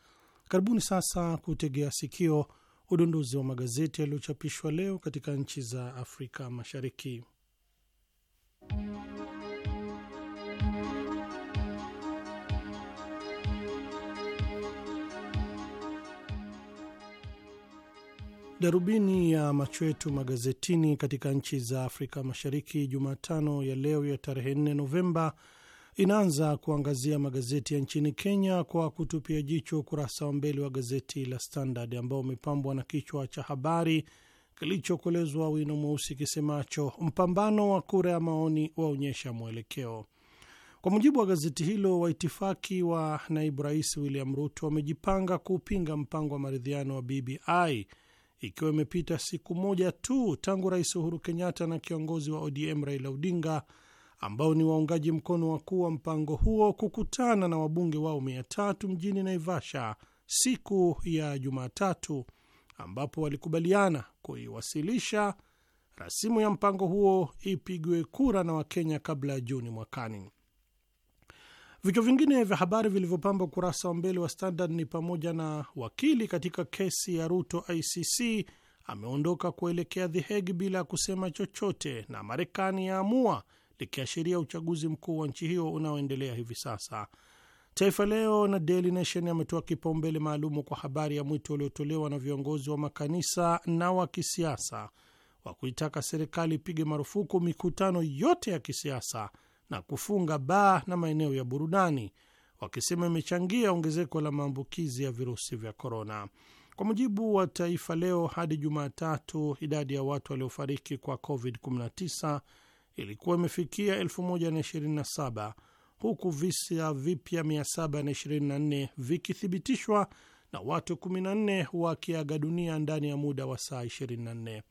Karibuni sasa kutegea sikio udondozi wa magazeti yaliyochapishwa leo katika nchi za Afrika Mashariki. Darubini ya macho yetu magazetini katika nchi za Afrika Mashariki Jumatano ya leo ya tarehe 4 Novemba inaanza kuangazia magazeti ya nchini Kenya kwa kutupia jicho ukurasa wa mbele wa gazeti la Standard ambao umepambwa na kichwa cha habari kilichokolezwa wino mweusi kisemacho mpambano wa kura ya maoni waonyesha mwelekeo. Kwa mujibu wa gazeti hilo, waitifaki wa naibu rais William Ruto wamejipanga kuupinga mpango wa maridhiano wa BBI ikiwa imepita siku moja tu tangu Rais Uhuru Kenyatta na kiongozi wa ODM Raila Odinga ambao ni waungaji mkono wakuu wa mpango huo kukutana na wabunge wao mia tatu mjini Naivasha siku ya Jumatatu, ambapo walikubaliana kuiwasilisha rasimu ya mpango huo ipigwe kura na Wakenya kabla ya Juni mwakani. Vichwa vingine vya habari vilivyopamba ukurasa wa mbele wa Standard ni pamoja na wakili katika kesi ya Ruto ICC ameondoka kuelekea The Hague bila ya kusema chochote, na Marekani yaamua likiashiria uchaguzi mkuu wa nchi hiyo unaoendelea hivi sasa. Taifa Leo na Daily Nation ametoa kipaumbele maalumu kwa habari ya mwito uliotolewa na viongozi wa makanisa na wa kisiasa wa kuitaka serikali ipige marufuku mikutano yote ya kisiasa na kufunga baa na maeneo ya burudani, wakisema imechangia ongezeko la maambukizi ya virusi vya korona. Kwa mujibu wa Taifa Leo, hadi Jumatatu idadi ya watu waliofariki kwa COVID-19 ilikuwa imefikia 127 huku visa vipya 724 vikithibitishwa na watu 14 wakiaga dunia ndani ya muda wa saa 24.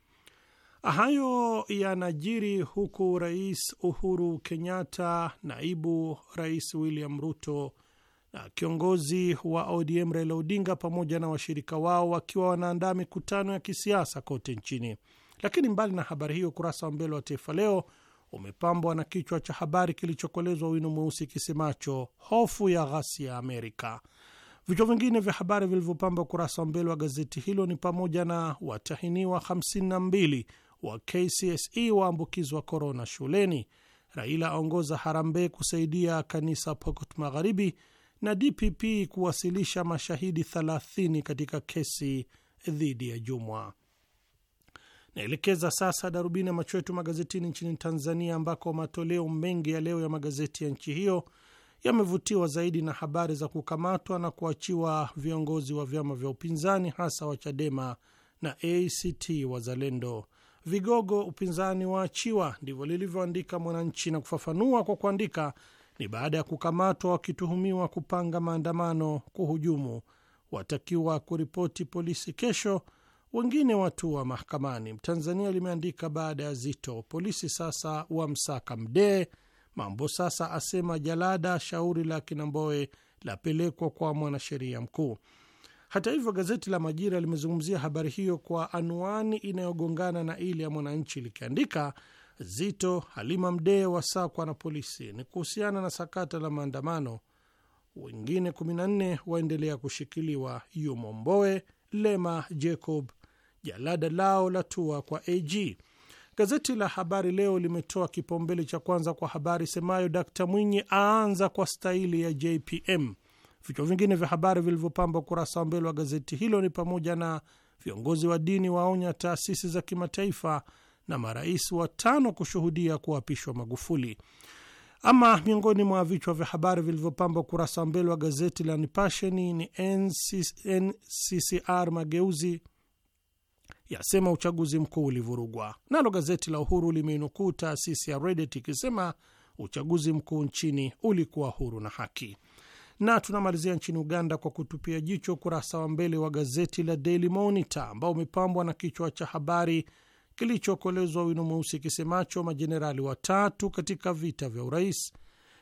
Hayo yanajiri huku Rais Uhuru Kenyatta, naibu Rais William Ruto na kiongozi wa ODM Raila Odinga pamoja na washirika wao wakiwa wanaandaa mikutano ya kisiasa kote nchini. Lakini mbali na habari hiyo, ukurasa wa mbele wa Taifa Leo umepambwa na kichwa cha habari kilichokolezwa wino mweusi kisemacho hofu ya ghasia ya Amerika. Vichwa vingine vya habari vilivyopamba ukurasa wa mbele wa gazeti hilo ni pamoja na watahiniwa 52 wa KCSE waambukizwa korona shuleni, Raila aongoza harambee kusaidia kanisa Pokot Magharibi, na DPP kuwasilisha mashahidi 30 katika kesi dhidi ya Jumwa. Naelekeza sasa darubini ya macho yetu magazetini nchini Tanzania, ambako matoleo mengi ya leo ya magazeti ya nchi hiyo yamevutiwa zaidi na habari za kukamatwa na kuachiwa viongozi wa vyama vya upinzani hasa wa Chadema na ACT Wazalendo vigogo upinzani waachiwa, ndivyo lilivyoandika Mwananchi na kufafanua kwa kuandika, ni baada ya kukamatwa wakituhumiwa kupanga maandamano, kuhujumu, watakiwa kuripoti polisi kesho, wengine watu wa mahakamani. Mtanzania limeandika baada ya Zito, polisi sasa wamsaka Mdee. Mambo sasa asema jalada shauri la Kinamboe lapelekwa kwa mwanasheria mkuu. Hata hivyo, gazeti la Majira limezungumzia habari hiyo kwa anwani inayogongana na ile ya Mwananchi likiandika Zito, Halima Mdee wasakwa na polisi, ni kuhusiana na sakata la maandamano. Wengine 14 waendelea kushikiliwa, yumo Mbowe, Lema, Jacob, jalada lao la tua kwa AG. Gazeti la Habari Leo limetoa kipaumbele cha kwanza kwa habari semayo Dkt Mwinyi aanza kwa staili ya JPM Vichwa vingine vya habari vilivyopamba ukurasa wa mbele wa gazeti hilo ni pamoja na viongozi wa dini waonya taasisi za kimataifa na marais watano kushuhudia kuapishwa Magufuli. Ama miongoni mwa vichwa vya habari vilivyopamba ukurasa wa mbele wa gazeti la Nipasheni ni NCCR mageuzi yasema uchaguzi mkuu ulivurugwa. Nalo gazeti la Uhuru limeinukuu taasisi ya Reddit ikisema uchaguzi mkuu nchini ulikuwa huru na haki. Na tunamalizia nchini Uganda kwa kutupia jicho ukurasa wa mbele wa gazeti la Daily Monitor ambao umepambwa na kichwa cha habari kilichokolezwa wino mweusi kisemacho majenerali watatu katika vita vya urais.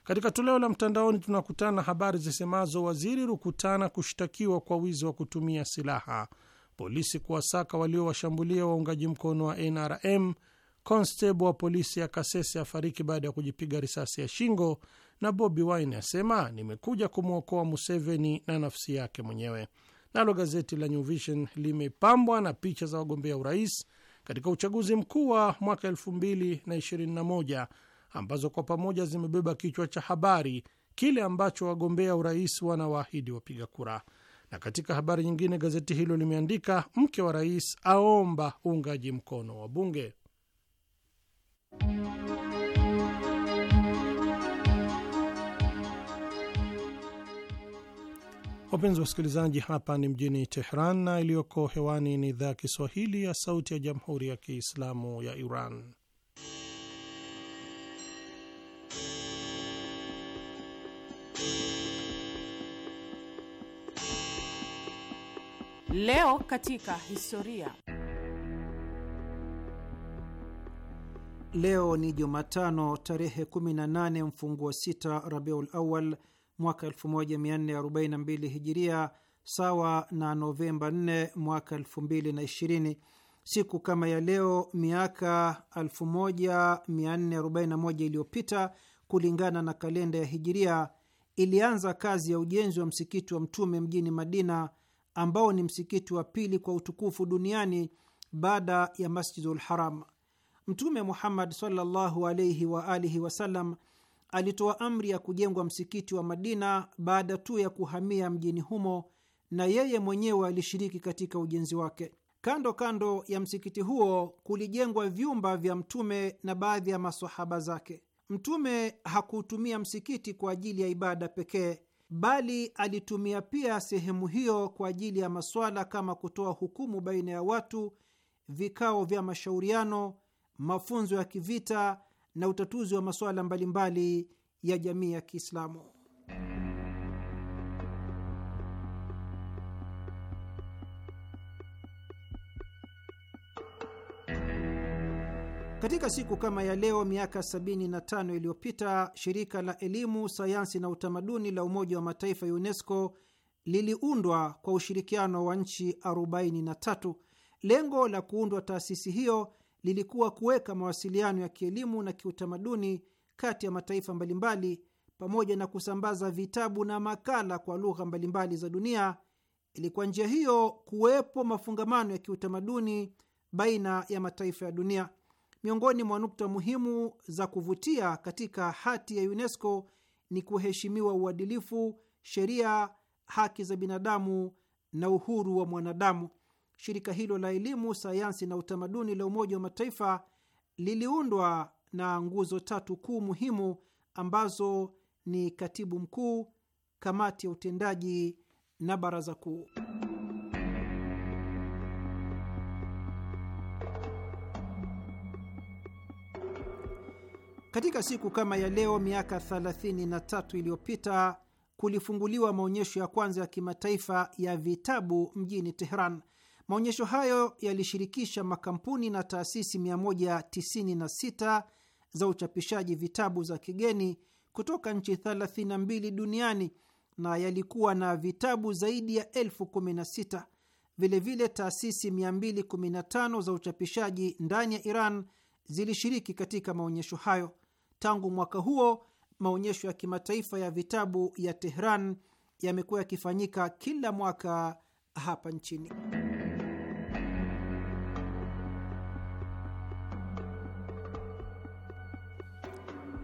Katika toleo la mtandaoni tunakutana na habari zisemazo waziri Rukutana kushtakiwa kwa wizi wa kutumia silaha, polisi kuwasaka waliowashambulia waungaji mkono wa NRM Konstebo wa polisi ya Kasese afariki baada ya kujipiga risasi ya shingo, na Bobi Wine asema nimekuja kumwokoa Museveni na nafsi yake mwenyewe. Nalo gazeti la New Vision limepambwa na picha za wagombea urais katika uchaguzi mkuu wa mwaka 2021 ambazo kwa pamoja zimebeba kichwa cha habari kile ambacho wagombea urais wanawaahidi wapiga kura. Na katika habari nyingine, gazeti hilo limeandika mke wa rais aomba uungaji mkono wa bunge. Wapenzi wasikilizaji, hapa ni mjini Tehran na iliyoko hewani ni idhaa ya Kiswahili ya Sauti ya Jamhuri ya Kiislamu ya Iran. Leo katika historia Leo ni Jumatano tarehe 18 mfunguo 6 Rabiul Awal mwaka 1442 Hijiria, sawa na Novemba 4 mwaka 2020. Siku kama ya leo miaka 1441 iliyopita kulingana na kalenda ya Hijiria ilianza kazi ya ujenzi wa msikiti wa Mtume mjini Madina, ambao ni msikiti wa pili kwa utukufu duniani baada ya Masjidul Haram. Mtume Muhammad sallallahu alaihi wa alihi wasallam alitoa amri ya kujengwa msikiti wa Madina baada tu ya kuhamia mjini humo, na yeye mwenyewe alishiriki katika ujenzi wake. Kando kando ya msikiti huo kulijengwa vyumba vya Mtume na baadhi ya masahaba zake. Mtume hakutumia msikiti kwa ajili ya ibada pekee, bali alitumia pia sehemu hiyo kwa ajili ya maswala kama kutoa hukumu baina ya watu, vikao vya mashauriano mafunzo ya kivita na utatuzi wa masuala mbalimbali ya jamii ya Kiislamu. Katika siku kama ya leo miaka 75 iliyopita shirika la elimu, sayansi na utamaduni la Umoja wa Mataifa ya UNESCO liliundwa kwa ushirikiano wa nchi 43. Lengo la kuundwa taasisi hiyo lilikuwa kuweka mawasiliano ya kielimu na kiutamaduni kati ya mataifa mbalimbali pamoja na kusambaza vitabu na makala kwa lugha mbalimbali za dunia ili kwa njia hiyo kuwepo mafungamano ya kiutamaduni baina ya mataifa ya dunia. Miongoni mwa nukta muhimu za kuvutia katika hati ya UNESCO ni kuheshimiwa uadilifu, sheria, haki za binadamu na uhuru wa mwanadamu shirika hilo la elimu, sayansi na utamaduni la Umoja wa Mataifa liliundwa na nguzo tatu kuu muhimu ambazo ni katibu mkuu, kamati ya utendaji na baraza kuu. Katika siku kama ya leo miaka 33 iliyopita kulifunguliwa maonyesho ya kwanza ya kimataifa ya vitabu mjini Teheran. Maonyesho hayo yalishirikisha makampuni na taasisi 196 za uchapishaji vitabu za kigeni kutoka nchi 32 duniani na yalikuwa na vitabu zaidi ya elfu 16. Vilevile, taasisi 215 za uchapishaji ndani ya Iran zilishiriki katika maonyesho hayo. Tangu mwaka huo, maonyesho ya kimataifa ya vitabu ya Tehran yamekuwa yakifanyika kila mwaka hapa nchini.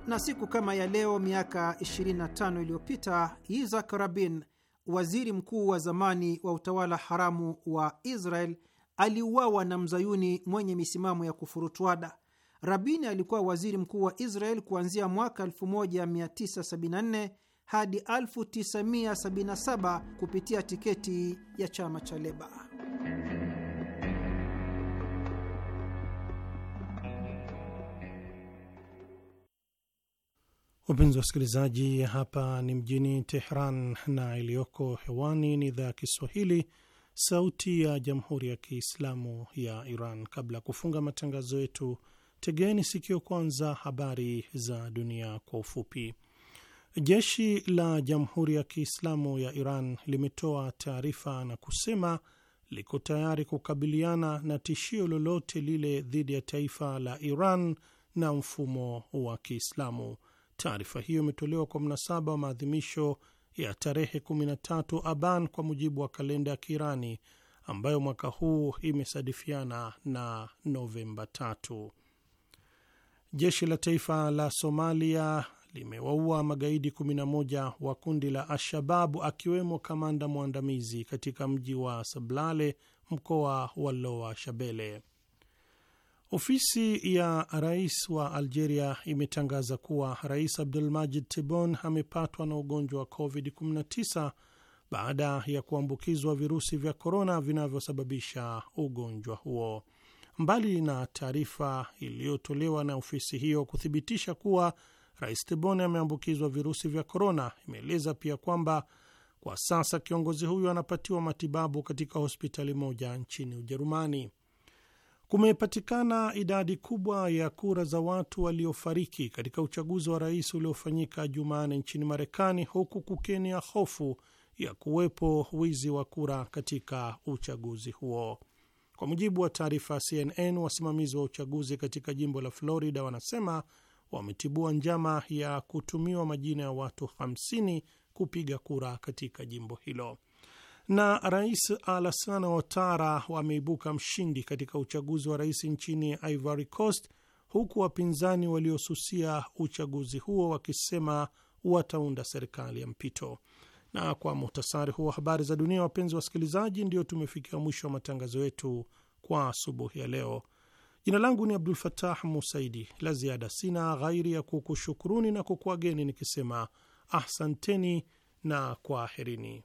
na siku kama ya leo miaka 25 iliyopita Yitzhak Rabin, waziri mkuu wa zamani wa utawala haramu wa Israel, aliuawa na mzayuni mwenye misimamo ya kufurutuada. Rabin alikuwa waziri mkuu wa Israel kuanzia mwaka 1974 hadi 1977 kupitia tiketi ya chama cha Leba. Wapenzi wasikilizaji, hapa ni mjini Tehran na iliyoko hewani ni idhaa ya Kiswahili, Sauti ya Jamhuri ya Kiislamu ya Iran. Kabla ya kufunga matangazo yetu, tegeni sikio kwanza habari za dunia kwa ufupi. Jeshi la Jamhuri ya Kiislamu ya Iran limetoa taarifa na kusema liko tayari kukabiliana na tishio lolote lile dhidi ya taifa la Iran na mfumo wa Kiislamu. Taarifa hiyo imetolewa kwa mnasaba wa maadhimisho ya tarehe 13 Aban kwa mujibu wa kalenda ya Kiirani ambayo mwaka huu imesadifiana na Novemba 3. Jeshi la taifa la Somalia limewaua magaidi 11 wa kundi la Alshababu akiwemo kamanda mwandamizi katika mji wa Sablale, mkoa wa loa Shabele. Ofisi ya rais wa Algeria imetangaza kuwa rais Abdulmajid tibon amepatwa na ugonjwa wa COVID-19 baada ya kuambukizwa virusi vya korona vinavyosababisha ugonjwa huo. Mbali na taarifa iliyotolewa na ofisi hiyo kuthibitisha kuwa rais tibon ameambukizwa virusi vya korona, imeeleza pia kwamba kwa sasa kiongozi huyo anapatiwa matibabu katika hospitali moja nchini Ujerumani kumepatikana idadi kubwa ya kura za watu waliofariki katika uchaguzi wa rais uliofanyika Jumanne nchini Marekani, huku kukenia hofu ya kuwepo wizi wa kura katika uchaguzi huo. Kwa mujibu wa taarifa ya CNN, wasimamizi wa uchaguzi katika jimbo la Florida wanasema wametibua njama ya kutumiwa majina ya watu 50 kupiga kura katika jimbo hilo na Rais Alassane Ouattara wameibuka mshindi katika uchaguzi wa rais nchini Ivory Coast, huku wapinzani waliosusia uchaguzi huo wakisema wataunda serikali ya mpito. Na kwa muhtasari huo habari za dunia, wapenzi wa wasikilizaji, ndio tumefikia mwisho wa matangazo yetu kwa asubuhi ya leo. Jina langu ni Abdul Fatah Musaidi. La ziada sina ghairi ya kukushukuruni na kukuageni nikisema ahsanteni na kwaherini.